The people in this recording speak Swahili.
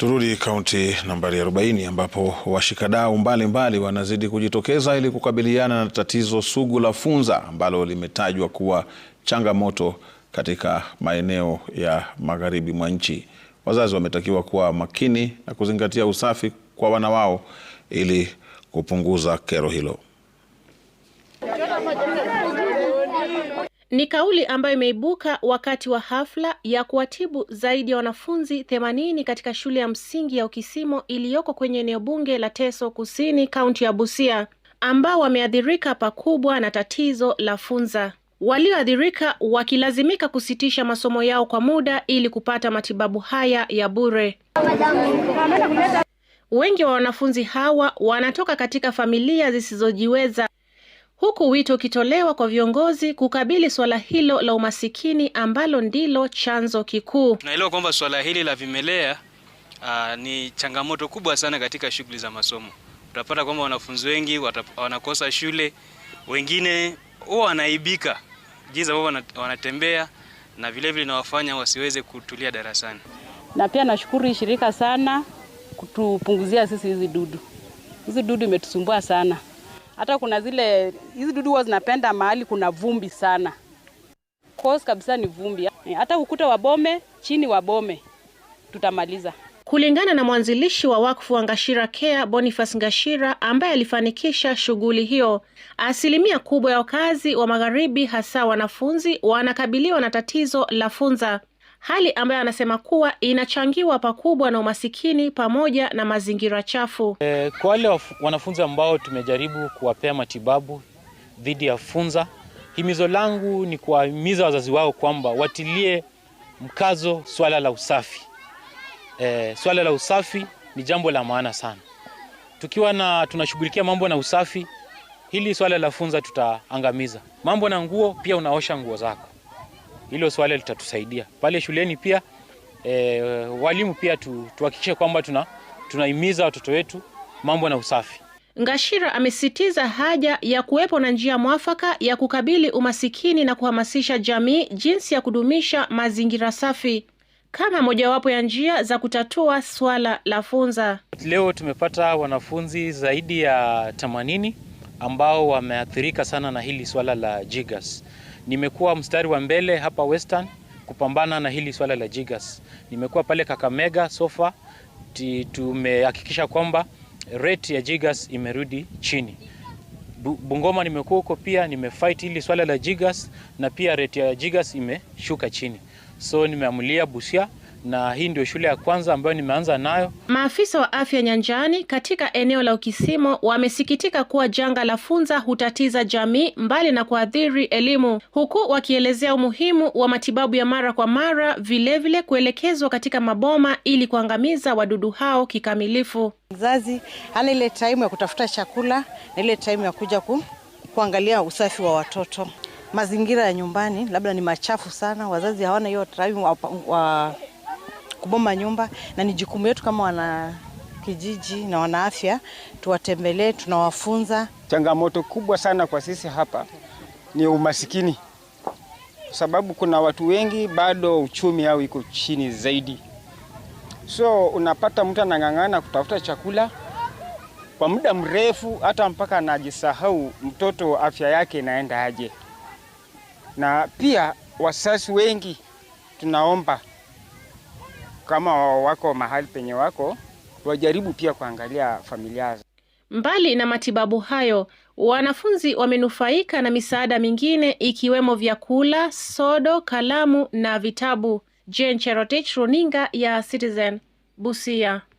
Turudi kaunti nambari 40 ambapo washikadau mbalimbali wanazidi kujitokeza ili kukabiliana na tatizo sugu la funza ambalo limetajwa kuwa changamoto katika maeneo ya magharibi mwa nchi. Wazazi wametakiwa kuwa makini na kuzingatia usafi kwa wana wao ili kupunguza kero hilo. Ni kauli ambayo imeibuka wakati wa hafla ya kuwatibu zaidi ya wanafunzi themanini katika shule ya msingi ya Ukisimo iliyoko kwenye eneo bunge la Teso Kusini, kaunti ya Busia, ambao wameathirika pakubwa na tatizo la funza, walioathirika wakilazimika kusitisha masomo yao kwa muda ili kupata matibabu haya ya bure. Wengi wa wanafunzi hawa wanatoka katika familia zisizojiweza huku wito ukitolewa kwa viongozi kukabili suala hilo la umasikini ambalo ndilo chanzo kikuu. Tunaelewa kwamba suala hili la vimelea aa, ah, ni changamoto kubwa sana katika shughuli za masomo. Utapata kwamba wanafunzi wengi wanakosa shule, wengine huwa wanaibika jinsi ambavyo wanatembea na vilevile inawafanya wasiweze kutulia darasani. Na pia nashukuru shirika sana kutupunguzia sisi hizi dudu. Hizi dudu imetusumbua sana. Hata kuna zile hizi dudu huwa zinapenda mahali kuna vumbi sana, cause kabisa ni vumbi. Eh, hata ukuta wa Bome, chini wa Bome, tutamaliza. Kulingana na mwanzilishi wa wakfu wa Ngashira Care Boniface Ngashira ambaye alifanikisha shughuli hiyo, asilimia kubwa ya wakazi wa magharibi hasa wanafunzi wanakabiliwa na tatizo la funza hali ambayo anasema kuwa inachangiwa pakubwa na umasikini pamoja na mazingira chafu. E, kwa wale wanafunzi ambao tumejaribu kuwapea matibabu dhidi ya funza, himizo langu ni kuwahimiza wazazi wao kwamba watilie mkazo swala la usafi. E, swala la usafi ni jambo la maana sana. Tukiwa na tunashughulikia mambo na usafi, hili swala la funza tutaangamiza. Mambo na nguo, pia unaosha nguo zako hilo swala litatusaidia pale shuleni pia. E, walimu pia tuhakikishe kwamba tuna tunahimiza watoto wetu mambo na usafi. Ngashira amesisitiza haja ya kuwepo na njia mwafaka ya kukabili umasikini na kuhamasisha jamii jinsi ya kudumisha mazingira safi kama mojawapo ya njia za kutatua swala la funza. Leo tumepata wanafunzi zaidi ya 80 ambao wameathirika sana na hili swala la jigas. Nimekuwa mstari wa mbele hapa Western kupambana na hili swala la jigas. Nimekuwa pale Kakamega sofa, tumehakikisha kwamba rate ya jigas imerudi chini. Bungoma nimekuwa huko pia, nimefight hili swala la jigas na pia rate ya jigas imeshuka chini, so nimeamulia Busia na hii ndio shule ya kwanza ambayo nimeanza nayo. Maafisa wa afya nyanjani katika eneo la Ukisimo wamesikitika kuwa janga la funza hutatiza jamii mbali na kuathiri elimu, huku wakielezea umuhimu wa matibabu ya mara kwa mara, vilevile kuelekezwa katika maboma ili kuangamiza wadudu hao kikamilifu. Mzazi ana ile taimu ya kutafuta chakula na ile taimu ya kuja ku, kuangalia usafi wa watoto. Mazingira ya nyumbani labda ni machafu sana, wazazi hawana hiyo taimu wa, wa kuboma nyumba, na ni jukumu yetu kama wana kijiji na wanaafya tuwatembelee, tunawafunza. Changamoto kubwa sana kwa sisi hapa ni umasikini, kwa sababu kuna watu wengi bado uchumi yao iko chini zaidi, so unapata mtu anang'ang'ana kutafuta chakula kwa muda mrefu, hata mpaka anajisahau mtoto afya yake inaenda aje. Na pia wasasi wengi tunaomba kama wako mahali penye wako wajaribu pia kuangalia familia. Mbali na matibabu hayo, wanafunzi wamenufaika na misaada mingine ikiwemo vyakula, sodo, kalamu na vitabu. Jane Cherotich, runinga ya Citizen, Busia.